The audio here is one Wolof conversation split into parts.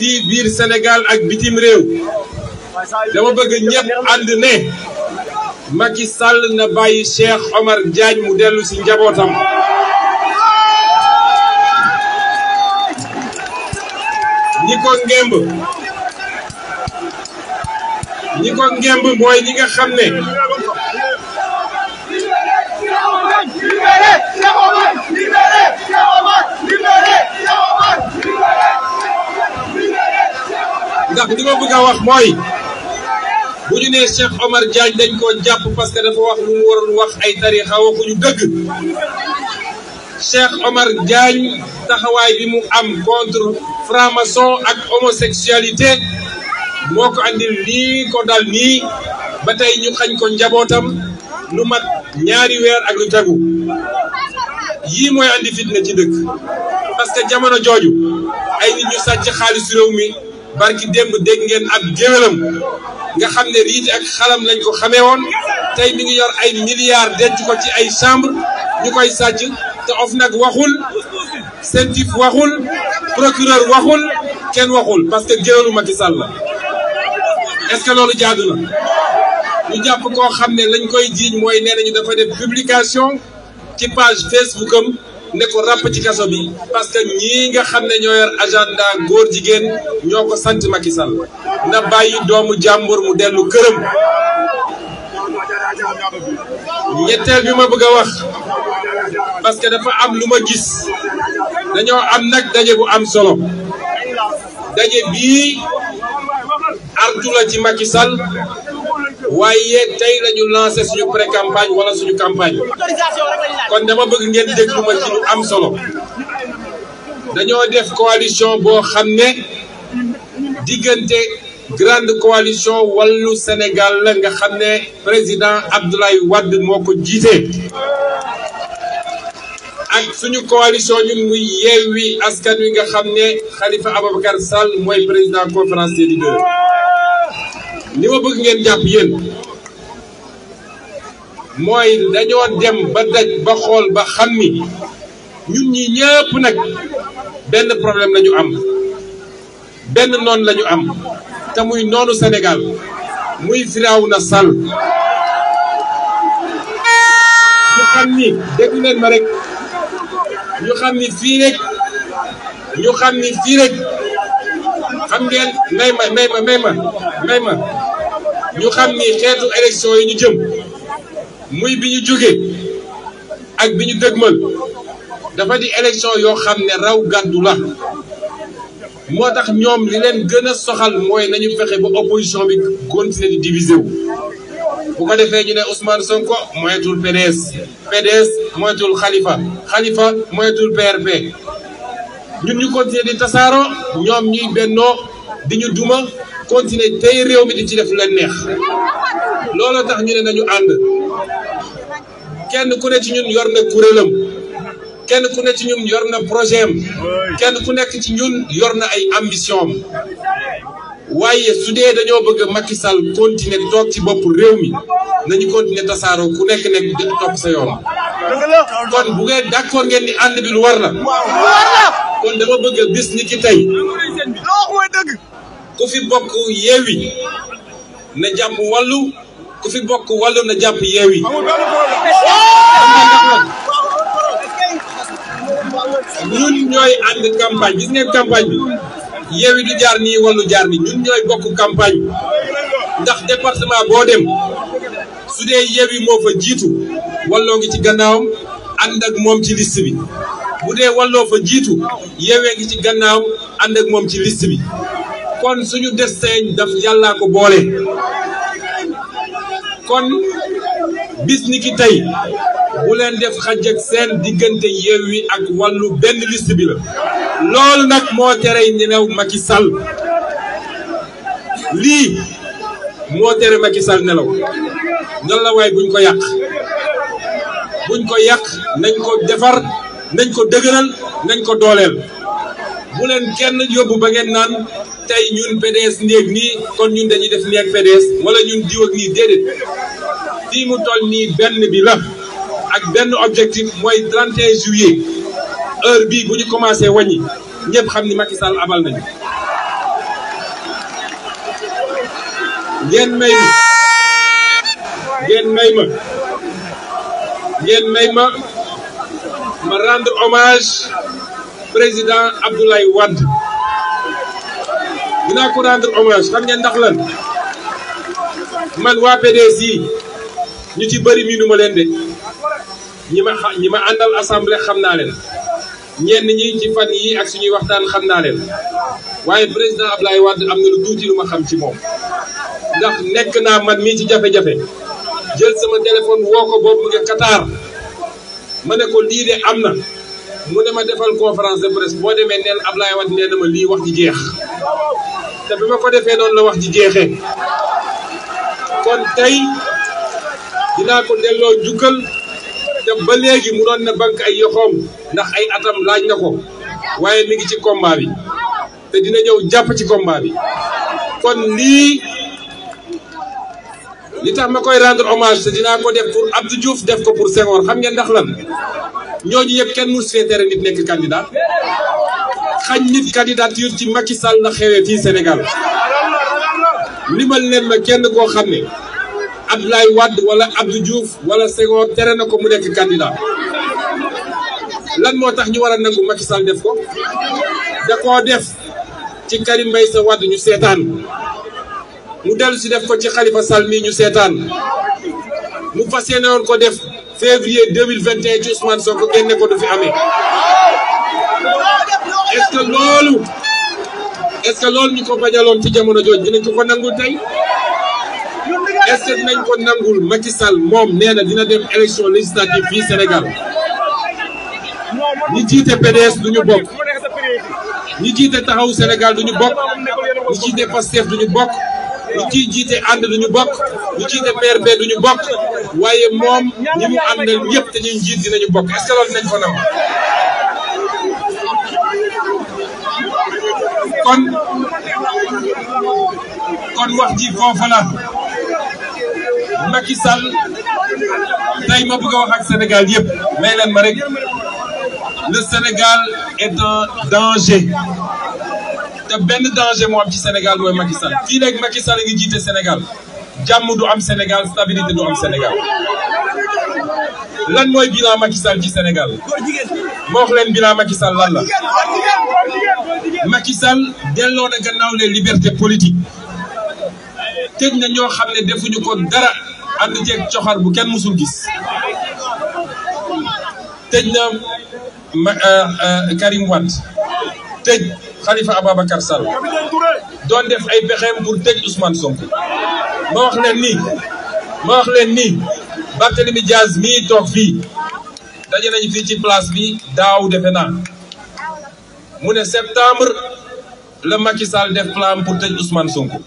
fii biir Sénégal ak bitim réew dama bëgg ñëpp ànd ne Macky Sall na bàyyi Cheikh Omar Diagne mu dellu ci njabootam ñi ko ngemb ñi ko ngemb mooy ñi nga xam ne ndax li ma bëgg wax mooy bu ñu nee Cheikh Omar Diagne dañ koo jàpp parce que dafa wax lu mu waroon wax ay tarixa waxuñu dëgg Cheikh Omar Diagne taxawaay bi mu am contre franc-maçon ak homosexualité moo ko andil lii ko dal nii ba tey ñu xañ ko njabootam lu mat ñaari weer ak lu tegu yii mooy andi fitna ci dëkk parce que jamono jooju ay nit ñu sàcc xaalisu réew mi barki démb dégg ngeen ak géwélam nga xam ne riiti ak xalam lañ ko xamee woon tey mi ngi yor ay milliards denc ko ci ay chambre ñu koy sàcc te OFNAC waxul CENTIF waxul procureur waxul kenn waxul parce que géwélu Macky Sall la est-ce que loolu jaadu na ñu jàpp koo xam ne lañ koy jiiñ mooy nee nañu dafa def publication ci page Facebook ne ko ràpp ci kaso bi parce que ñii nga xam ne ñoo yor agenda góor jigéen ñoo ko sant Macky na bàyyi doomu jàmbur mu dellu këram ñetteel bi ma bëgg a wax parce que dafa am lu ma gis dañoo am nag daje bu am solo daje bii artu la ci waaye tey lañu lancé suñu pré campagne wala suñu campagne kon dama bëgg ngeen déglu ma ci lu am solo dañoo def coalition boo xam ne diggante grande coalition wàllu Sénégal la nga xam ne président Abdoulaye wadd moo ko jiite ak suñu coalition ñun muy Yewwi Askan Wi nga xam ne xalifa Khalifa Ababacar Sall mooy président conférence des leaders li ma bëgg ngeen jàpp yéen mooy dañoo dem ba daj ba xool ba xam ni ñun ñi ñëpp nag benn problème lañu am benn noon lañu am te muy noonu Sénégal muy Firawna Sall ñu xam ni dégg leen ma rek ñu xam ni fii ñu xam ni fii rek may ma may ma may ma ñu xam ni xeetu élection yi ñu jëm muy bi ñu jóge ak bi ñu dëgmal dafa di élection yoo xam ne raw gàddu la moo tax ñoom li leen gën a soxal mooy nañu fexe ba opposition bi continuer di diviser wu bu ko defee ñu ne Ousmane Sonko moyetul PDS PDS moyetul Khalifa Khalifa moyetul PRP ñun ñu continuer di tasaaroo ñoom ñuy bennoo di ñu duma continuer tey réew mi di ci def lu neex looloo tax ñu ne nañu ànd kenn ku nekk ci ñun yor na kuréelam kenn ku ne ci ñun yor na projet am kenn ku nekk ci ñun yor na ay ambition am waaye su dee dañoo bëgg a Macky Sall continuer toog ci bopp réew mi nañu continé tasaaroo ku nekk nekk di topp sa yoon kon bu ngeen d'accord ngeen di ànd bi lu war na kon dama bëgg a bis ni ki tey. ku fi bokk yeewi na jàpp wàllu ku fi bokk wàllu na jàpp yeewi ñun ñooy ànd campagne gis campagne bi yeewi du jaar nii wàllu jaar nii campagne ndax département boo dem su dee yeewi moo fa jiitu wàlloo ngi ci gannaaw ànd ak moom ci list bi bu dee wàlloo fa jiitu yeewee ngi ci gannaaw ànd ak moom ci liste bi kon suñu destin daf yàllaa ko boole kon bis ni ki tey bu leen def xaj ak seen diggante wi ak wàllu benn liste bi la loolu nag moo tere nelaw Macky Sall lii moo tere Macky sal nelaw ñan la waay buñ ko yàq buñ ko yàq nañ ko defar nañ ko dëgëral nañ ko dooleel bu leen kenn yóbbu ba ngeen naan tey ñun PDS néeg nii kon ñun dañuy def néeg PDS wala ñun diw ak nii déedéet fii mu toll nii benn bi la ak benn objectif mooy 31 juillet heure bii bu ñu commencé wàññi ñëpp xam ni Macky Sall abal nañu ngeen may ma ngeen may ma ngeen ma ma rendre président Abdoulaye Wade dinaa ko omage hommage xam ngeen ndax lan man waa PDS yi ñu ci bëri miinu ma leen de ñi ma ñi ma àndal assemblée xam naa leen ñenn ñi ci fan yi ak suñuy waxtaan xam naa leen waaye président Abdoulaye Wade am na lu tuuti lu ma xam ci moom ndax nekk naa man mii ci jafe-jafe jël sama téléphone woo ko boobu nga Qatar ma ne ko lii de am na mu dama defal conférence de presse boo demee neen Ablaye Wade nee na ma lii wax ji jeex te bi ma ko defee noonu la wax ji jeexee kon tey dinaa ko delloo jukal te ba léegi mu doon na bank ay yoxoom ndax ay atam laaj na ko waaye mi ngi ci combat bi te dina ñëw jàpp ci combat bi kon lii li tax ma koy rendre hommage te dinaa ko def pour Abdou jouf def ko pour Senghor xam ngeen ndax lan ñooñu yëpp kenn mu see tere nit nekk candidat xañ nit candidature ci Macky sal la xewee fii Sénégal limal leen ma kenn koo xam ne Abdoulaye Wade wala Abdou juuf wala Senghor tere na ko mu nekk candidat lan moo tax ñu war a nangu Macky sal def ko da koo def ci Karim Meïssa Wade ñu seetaan mu dellu si def ko ci Khalifa Sall ñu seetaan mu fas yéene woon ko def février 2021 ci Ousmane Sonko génne ko du fi amee est-ce que loolu est-ce que loolu ñu ko bañaloon ci jamono jooju dinañ ko ko nangul tey est-ce que dinañ ko nangul Macky Sall moom nee na dina dem élection législative fii Sénégal ñi jiite PDS du ñu bokk ñi jiite taxawu Sénégal du ñu bokk ñi jiite Pastef du ñu bokk ñu ciy jiite ànd duñu bokk ñu jiite PRP duñu bokk waaye moom ñi mu àndal yëpp te ñuy jiit dinañu bokk est-ce que loolu nañ ko nam kon kon wax ji foofa la Macky tey ma bëgg a wax ak Sénégal yëpp may ma rek le Sénégal est un danger te benn danger moo am ci Sénégal mooy Macky Sall fii léegi Macky Sall ngi jiite Sénégal jàmm du am Sénégal stabilité du am Sénégal lan mooy bilan Macky ci Sénégal moo wax leen bilan Macky Sall lan la Macky delloo na gannaaw les libertés politiques tëj na ñoo xam ne defuñu ko dara ànd ceeg coxar bu kenn mësul gis tëj na euh, euh, Karim Wade tëj Khalifa Ababacar Sall doon def ay pexeem pour tëj Ousmane Sonko ma wax leen nii ma wax leen nii Barthélemy Diaz mii toog fii daje nañu fii ci place bi daaw defe naa mu ne septembre la Macky Sall def plan pour tëj usman Sonko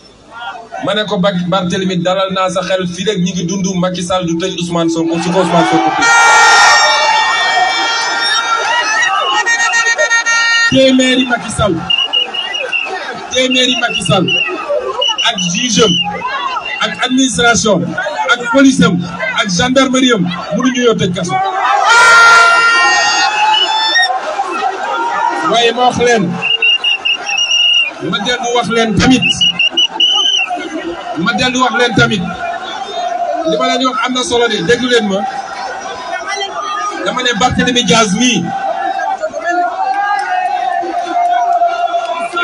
ma ne ko Barthélemy dalal naa sa xel fii rek ñi ngi dund Macky Sall du tëj Ousmane Sonko su ko Ousmane Sonko téeméeri Macky Sall téeméeri Macky Sall ak juge ak administration ak police ak gendarmerie am mënuñu yoo tëj kaso waaye ma wax leen tamit ma dellu wax leen tamit li ma leen wax am na solo de déglu ma dama ne Barthélémy Diaz nii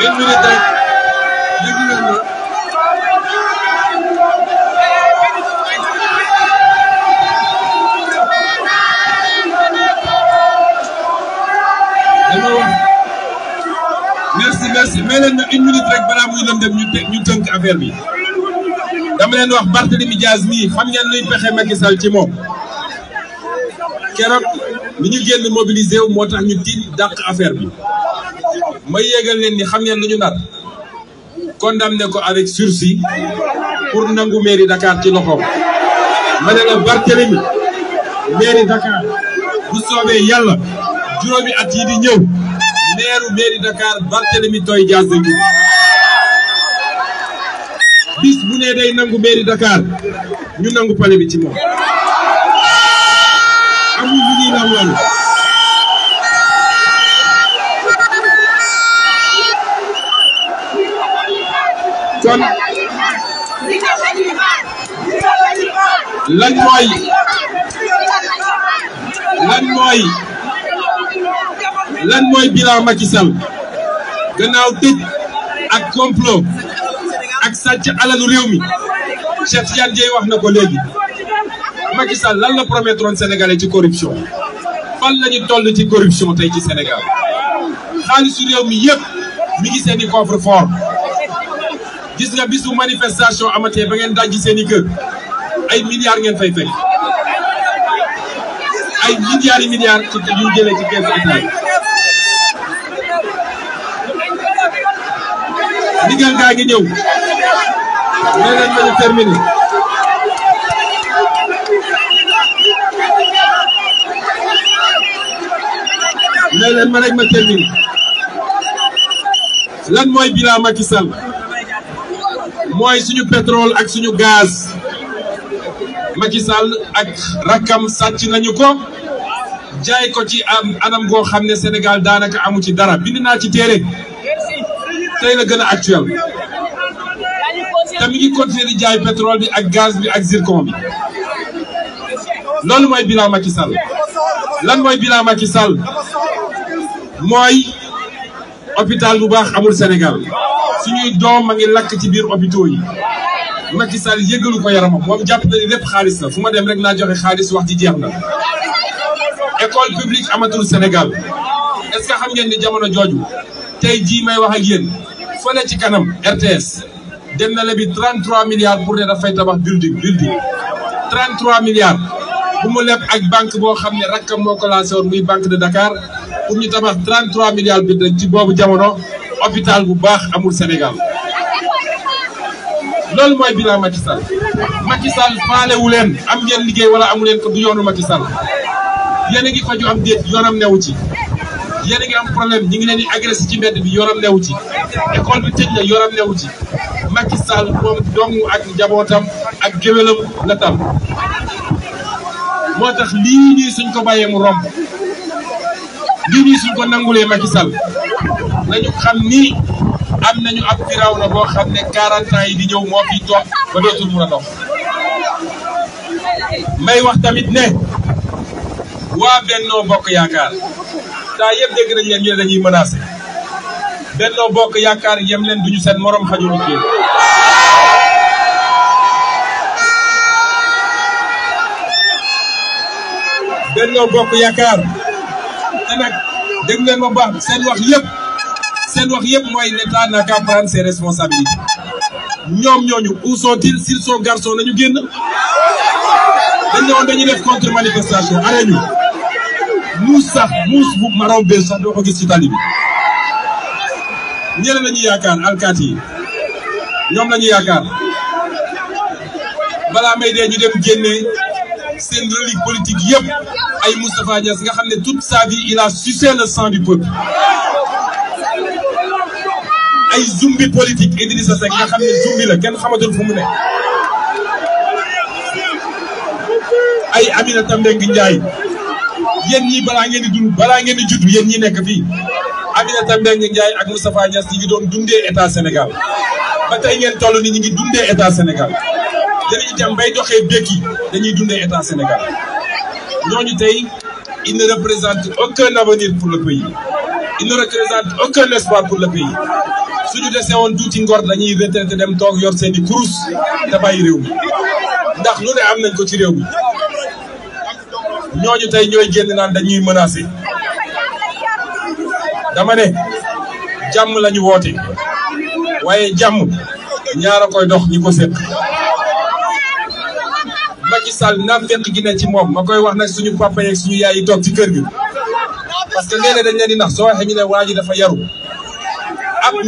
une minute rek déglu leen ma. dama merci merci may leen une minute rek balaa muy lëndëm ñu tënk affaire bi. dama leen wax Barthélemy Diaz mii xam ngeen luy pexe Macky ci moom. keroog ni ñu génn mobilisé wu moo tax ñu tiit dàq affaire bi. may yégal leen ni xam ngeen lu ñu nar condamné ko avec sursis pour nangu mairie Dakar ci loxoom ma ne la Barthélemy mairie Dakar bu soobee yàlla juróomi at yi di ñëw maire mairie Dakar Barthélemy Toye Dias de bis bu ne day nangu mairie Dakar ñu nangu pale bi ci moom amul lu ñuy nangu lan mooy lan mooy lan mooy bilan Macky Sall gannaaw tëj ak complot ak sàcc alalu réew mi Cheikh Tidiane Dièye wax na ko léegi Macky Sall lan la promettroon Sénégalais ci corruption fan lañu ñu ci corruption tey ci Sénégal xaalisu réew mi yëpp mi ngi seen i coffre fort gis nga bisu manifestation amatee ba ngeen dajji seen i kër. ay milliards ngeen fay fekk ay milliards yi milliards ci yu jëlee ci keesu état ndigal gaa ngi ñëw nee nañ ma ñu terminé nee leen ma rek ma terminé lan mooy bilan Macky Sall mooy suñu pétrole ak suñu gaz Macky Sall ak rakkam sàcc nañu ko jaay ko ci am anam goo xam ne Sénégal daanaka amu ci dara bind naa ci téere tey la gën a actuel te mi ngi continuer di jaay pétrole bi ak gaz bi ak zircon bi loolu mooy bilan ci Sall lan mooy bilan Macky Sall mooy hôpital bu baax amul Sénégal suñuy doom a ngi lakk ci biir hôpitaux yi Macky Sall yëgalu ko yaramam moom jàpp na ni lépp xaalis la fu ma dem rek naa joxe xaalis wax ji jeex na. école publique amatul Sénégal est-ce que xam ngeen ni jamono jooju te jii may wax ak yéen fële ci kanam RTS dem na lebi 33 milliards pour ne dafay tabax building building 33 milliards bu mu leb ak banque boo xam ne rakkam moo ko lancé woon muy banque de Dakar pour ñu tabax 33 milliards bi ci boobu jamono hôpital bu baax amul Sénégal. loolu mooy bilan Macky Sall Macky Sall faalewu leen am ngeen liggéey wala amu ko du yoonu Macky Sall yéen a ngi faju am déet yoonam newu ci yéen a ngi am problème ñi ngi leen di ci mbedd bi yoonam newu ci école bi tëj na yoonam newu ci Macky Sall moom dong ak njabootam ak géwélam la tam moo tax lii nii suñ ko bàyyee mu romb lii nii suñ ko nangulee Macky nañu xam ni am nañu ab Firawna boo xam ne 40 ans yi di ñëw moo fi toog ba dootul mun a dox may wax tamit ne waa Bennoo Bokk Yaakaar saa yëpp dégg ñu dañuy menacé Bennoo Bokk Yaakaar yem leen duñu seen morom xajul ak yéen Bennoo Bokk Yaakaar te nag dégg leen ma baax seen wax yëpp. seen wax yëpp mooy l'état n'a qu'à prendre ses responsabilités ñoom ñooñu où sont-ils s'ils sont garçons nañu génn dañ ne woon dañuy def contre manifestation arrêté ñu muus sax muus bu maraw bés sax doo ko gis ci tali bi ñeneen nañu ñuy yaakaar alkaati yi ñoom la yaakaar balaa may dee ñu dem génnee seen relique politique yëpp ay Moustapha Niass nga xam ne toute saa vie il a sucé le sang du peuple ay zumbi politique Idrissa Seck nga xam ne zumbi la kenn xamatul fu mu ne. ay Aminata Mbengue Ndiaye yéen ñii balaa ngeen di dund balaa ngeen di judd yéen ñi nekk fii Aminata Mbengue Ndiaye ak Moustapha Niass ñi ngi doon dundee état Sénégal ba tey ngeen toll ni ñi ngi dundee état Sénégal dañuy dem bay doxee békki dañuy dundee état Sénégal ñooñu tey il ne représente aucun avenir pour le pays il ne représente aucun espoir pour le pays suñu dese woon ci ngor dañuy retraité dem toog yor seeni i damay réew mi ndax lu ne am nañ ko ci réew mi ñooñu tey ñoo génn naan dañuy menacé dama ne jàmm la ñu waaye jàmm ñaara koy dox ñi ko séq Macky Sall naam fekk gi ne ci moom ma koy wax na suñu papa suñu yaay yi toog ci kër gi parce que léeg dañ leen di nax soo waxee ne waa ji dafa yaru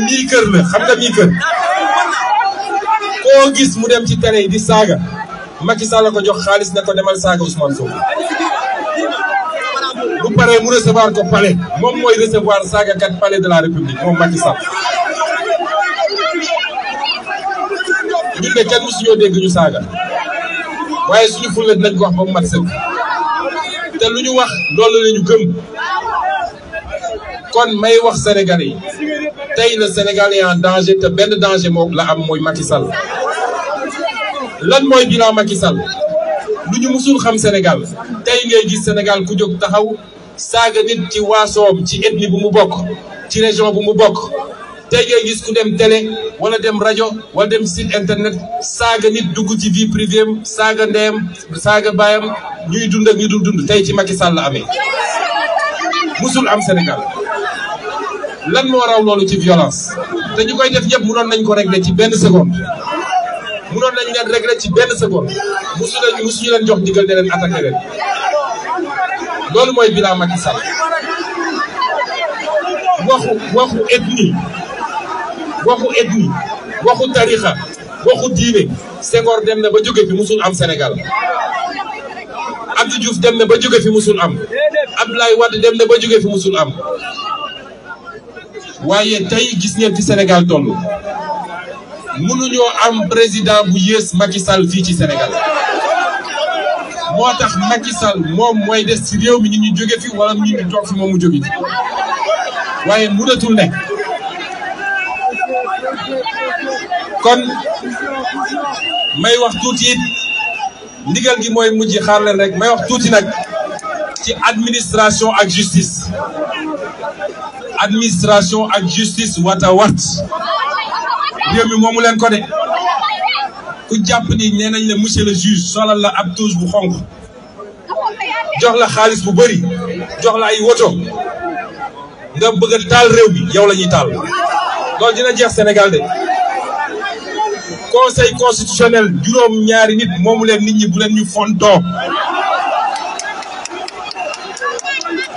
mii kër xam nga mii kër gis mu dem ci télé yi di saaga Macky Sall la ko jox xaalis na ko demal saaga Ousmane Sonko bu paree mu recevoir ko palais moom mooy recevoir saagakat palais de la République moom Macky Sall ñun de kenn mësuñoo dégg ñu saaga waaye suñu fulla dinañ wax ba mu mat te lu ñu wax loolu la ñu gëm kon may wax sénégalais yi tey le Sénégal est en danger te benn danger moom la am mooy Macky Sall lan mooy bilan Macky Sall lu ñu musul xam Sénégal tey ngay gis Sénégal ku jóg taxaw saaga nit ci waasoom ci ethnie bu mu bokk ci région bu mu bokk tey ngay gis ku dem télé wala dem rajo wala dem site internet saaga nit dugg ci vie privée am saaga ndeyam saaga baayam ñuy dund ak ñu dul dund tey ci Macky Sall la amee musul am Sénégal lan moo raw loolu ci violence te ñu koy def ñëpp mënoon nañ ko régler ci benn seconde mënoon nañ leen ci benn seconde musu leen musu jox digal ne leen attaqué leen loolu mooy bilan Macky Sall waxu waxu ethnie waxu ethnie waxu tarixa waxu diine Senghor dem na ba jóge fi musul am senegal Abdou Diouf dem ne ba jóge fi musul am Abdoulaye Wade dem na ba jóge fi musul am waaye tey gis ngeen fi Sénégal toll mënuñoo am président bu yées Macky Sall fii ci Sénégal moo tax Macky Sall moom mooy des ci réew mi ñu ñu jóge fi wala ñu ñu toog fi moom mu jóge fi waaye mënatul nekk kon may wax tuuti it ndigal gi mooy mujj xaar leen rek may wax tuuti nag ci administration ak justice administration ak justice wata wat réew mi moomu leen ko de ku jàpp ni nee nañ la monsieur le juge solal la ab tuus bu xonk jox la xaalis bu bëri jox la ay woto nga bëgg a taal réew bi yow la ñuy taal loolu dina jeex Sénégal de conseil constitutionnel juróom ñaari nit moomu leen nit ñi bu leen ñu fontoo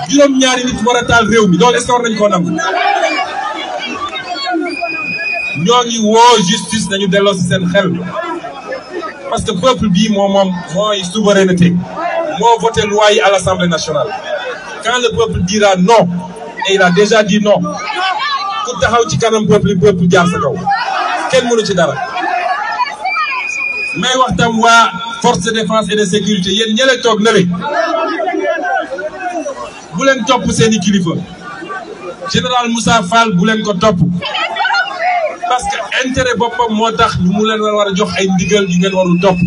juróom-ñaari nit war a taal réew mi loolu est-ce nañu koo nangu ñoo ngi woo justice nañu delloo seen xel parce que peuple bii moom moom mooy souveraineté moo voté loi yi à l'Assemblée nationale quand le peuple dira non et il a déjà dit non ku taxaw ci kanam peuple peuple jaar sa kaw kenn mënu ci dara may wax tam waa force de défense et de sécurité yéen ñële toog na le bu leen seen i kilifa général Moussa Fall bu leen ko topp parce que intérêt boppam moo tax lu mu leen war a jox ay ndigal yu ngeen warul top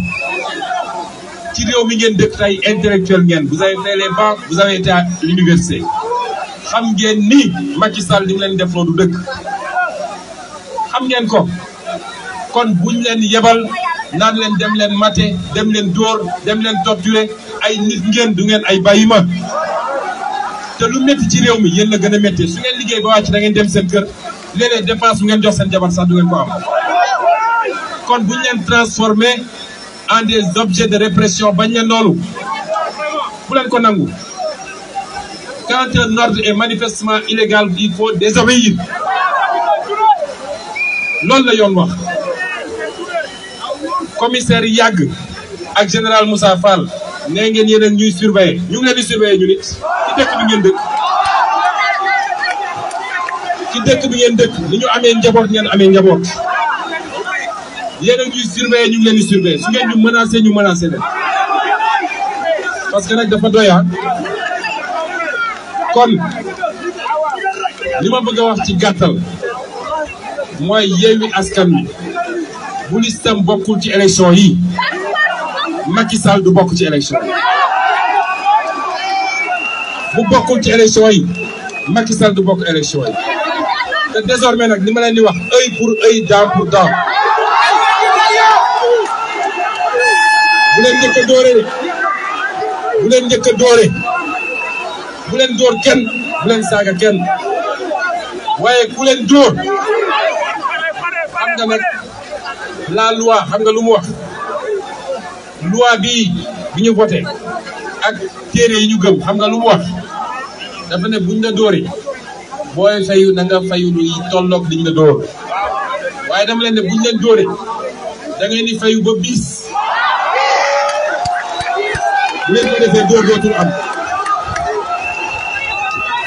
ci réew mi ngeen dëkk tey intellectuel ngeen vous avez fait les banques vous avez été à l'université xam ngeen ni Macky Sall li mu leen defloo du dëkk xam ngeen ko kon buñ leen yebal naan len dem leen mate dem leen dóor dem leen torturer ay nit du ngeen ay bàyyi ma te lu métti ci réew mi yéen la gën a métti su ngeen liggéey ba wàcc da ngeen dem seen kër léeg-léeg dépense bu ngeen jox seen jabar sax du ngeen ko am kon bu ñu leen transformé en des objets de répression bañ leen noonu bu leen ko nangu quand un ordre manifestement illégal il faut désobéir loolu la yoon wax commissaire yàgg ak général Moussa Fall nee ngeen yeneen ñuy surveiller ñu ngi leen di surveiller ñu nit ci dëkk bi ngeen dëkk ci dëkk bi ngeen dëkk ni ñu amee njaboot ngeen amee njaboot yéen a ngi surveiller ñu ngi leen di surveiller su ngeen ñu menacer ñu menacer leen parce que nag dafa doyaat ah. kon li ma bëgg a wax ci gàttal mooy Yewwi Askan Wi bu listam bokkul ci élection yi Macky Sall du bokk ci élection bu bokkul ci élection yi Macky Sall du bokk élection yi te désormais nag li ma leen di wax ay pour ay dent pour dent bu leen njëkk a dóore bu leen njëkk kenn bu leen saaga kenn waaye leen dóor xam nga la loi xam nga lu mu wax loi bii bi ñu voté ak téere yi ñu gëm xam nga lu mu wax dafa ne buñ la dóoree booy fayu na nga fayu luy tolloog liñ la dóor waaye dama leen ne buñ leen dóoree da ngay ni fayu ba bis bu leen ko defee dóor am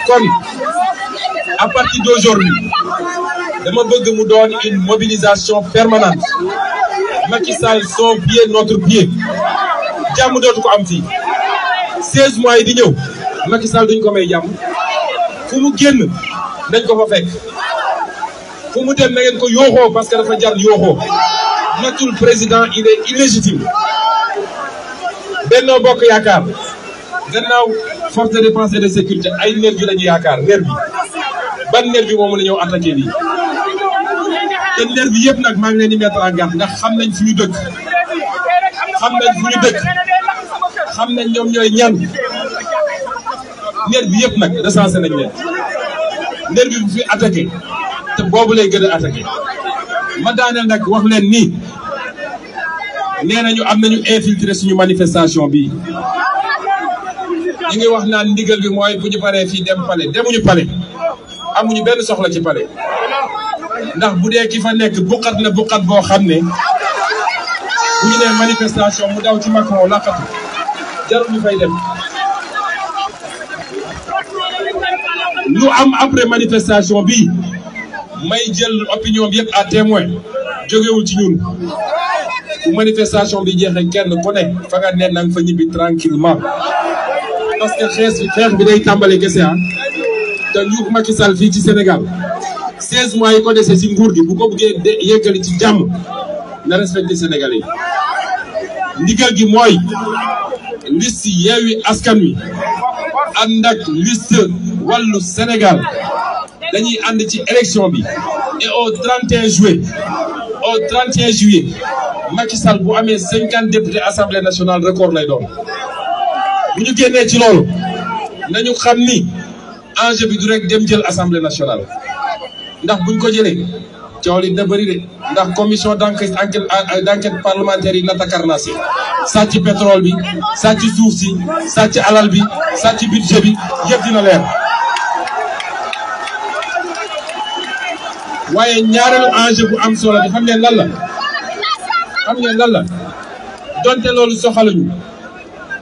kon à partir d'aujourd'hui dama bëgg mu doon une mobilisation permanente Macky Sall son notre pied jàmm dootu ko am fii seize mois di ñëw Macky Sall duñ ko may jàmm fu mu génn nañ ko fa fekk fu mu dem na ngeen ko yooxoo parce que dafa jar yooxoo matul président il est illégitime Benno Bokk Yaakaar gannaaw force de défense et de sécurité ay nervi lañu yaakaar nervi ban nervi moomu la ñëw attaqué lii te nervi yëpp nag maa ngi leen di mettre en garde ndax xam nañ fu ñu dëkk xam nañ fu ñu dëkk xam nañ ñoom ñooy ñan nervi bi yëpp nag recensé nañ leen nervi fi attaqué boobu lay gën a attaqué ma daaneel nag wax leen nii nee nañu am nañu infiltré suñu manifestation bii ñu ngi wax naan ndigal bi mooy bu ñu baree fii dem palais demuñu palais amuñu benn soxla ci palais ndax bu dee ci fa nekk buqat na buqat boo xam ne bu ñu nee manifestation mu daw ci Macron laqatu jarul ñu fay dem lu am après manifestation bi may jël opinion bi yëpp à témoin jógewul ci ñun bu manifestation bi jeexee kenn ku ne fa nga ne na fa ñibbi tranquillement parce que xeex bi day tàmbali kese ah te ñu Macky Sall ci Sénégal 16 mois yi ko dese si nguur gi bu ko bëggee yeggali ci jàmm na respecté Sénégalais ndigal gi mooy liste Yewwi Askan Wi ànd ak liste wàllu Sénégal dañuy ànd ci élection bi et au 31 juillet au 31 juillet Macky Sall bu amee cinquante députés assemblée nationale record lay doon bu ñu génnee ci loolu nañu xam ni enjeu bi du rek dem jël assemblée nationale ndax buñ ko jëlee coow li dina bëri de ndax commission d' enquête euh, d' enquête parlementaire yi la takarnaas yi sàcc pétrole bi sàcc suuf si sàcc alal bi sàcc budget bi yëpp dina leer. waaye ñaareelu enjeu bu am solo bi xam ngeen lan la xam ngeen la donte loolu soxaluñu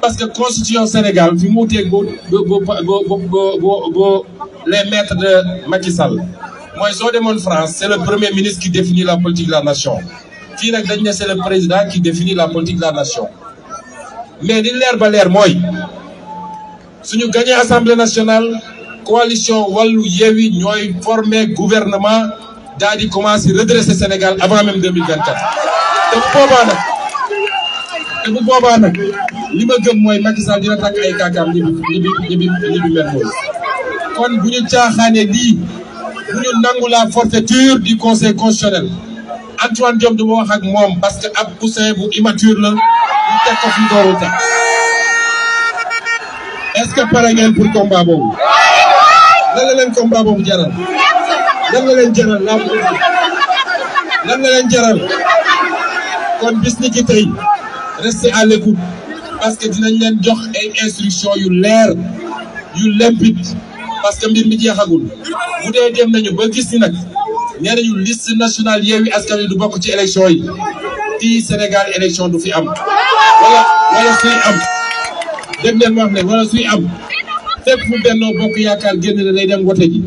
parce que constitution Sénégal fi mu wuteeg bo bo bo bo les maîtres de Macky Sall. mooy soo demoon France c'est le premier ministre qui définit la politique de la nation fii nag dañ ne c'est le président qui définit la politique de la nation mais li leer ba leer mooy suñu gagné assemblée nationale coalition wàllu yeewi ñooy former gouvernement daal di commencer redresser Sénégal avant même 2024 te bu boobaa nag te bu boobaa nag li ma jëm mooy Macky Sall dina takk ay kaakaam ñi bi ñi bi ñi bi mel noonu kon bu ñu caaxaanee lii bu ñu nangu la forfaiture du conseil constitutionnel Antoine Diome du moo wax ak moom parce que ab poussin bu immature la ñu teg ko fi dooru est-ce que pare ngeen pour combat boobu lan la leen combat boobu jaral lan la leen jaral laa bëgg lan la leen jaral kon bis ni ki tey restez à l'écoute parce que dinañ leen jox ay instructions yu leer yu limpide parce que mbir mi jeexagul bu dee dem nañu ba gis ni nag nee nañu liste nationale Yewwi Askan Wi du bokk ci élection yi fii Sénégal élection du fi am wala wala suy am dégg ngeen ma wax ne wala suy am fépp fu Benno Bokk Yaakaar génn ne day dem wote ji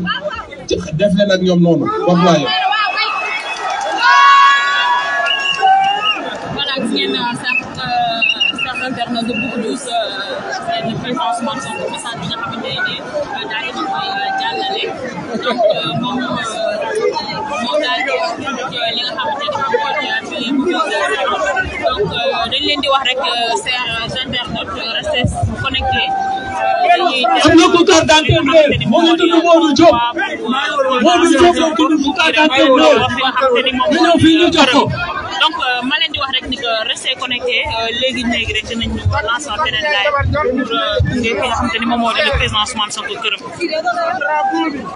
def leen ak ñoom noonu wax laa moom moom daal li nga xamante ne moom moo di affilée bu donc dañ leen di wax rek chers internautes restez connectés. am ma leen di wax rek ni que restez connecté euh, léegi léegi rek dinañu lancer beneen live pour euh, ni moom moo di le président Ousmane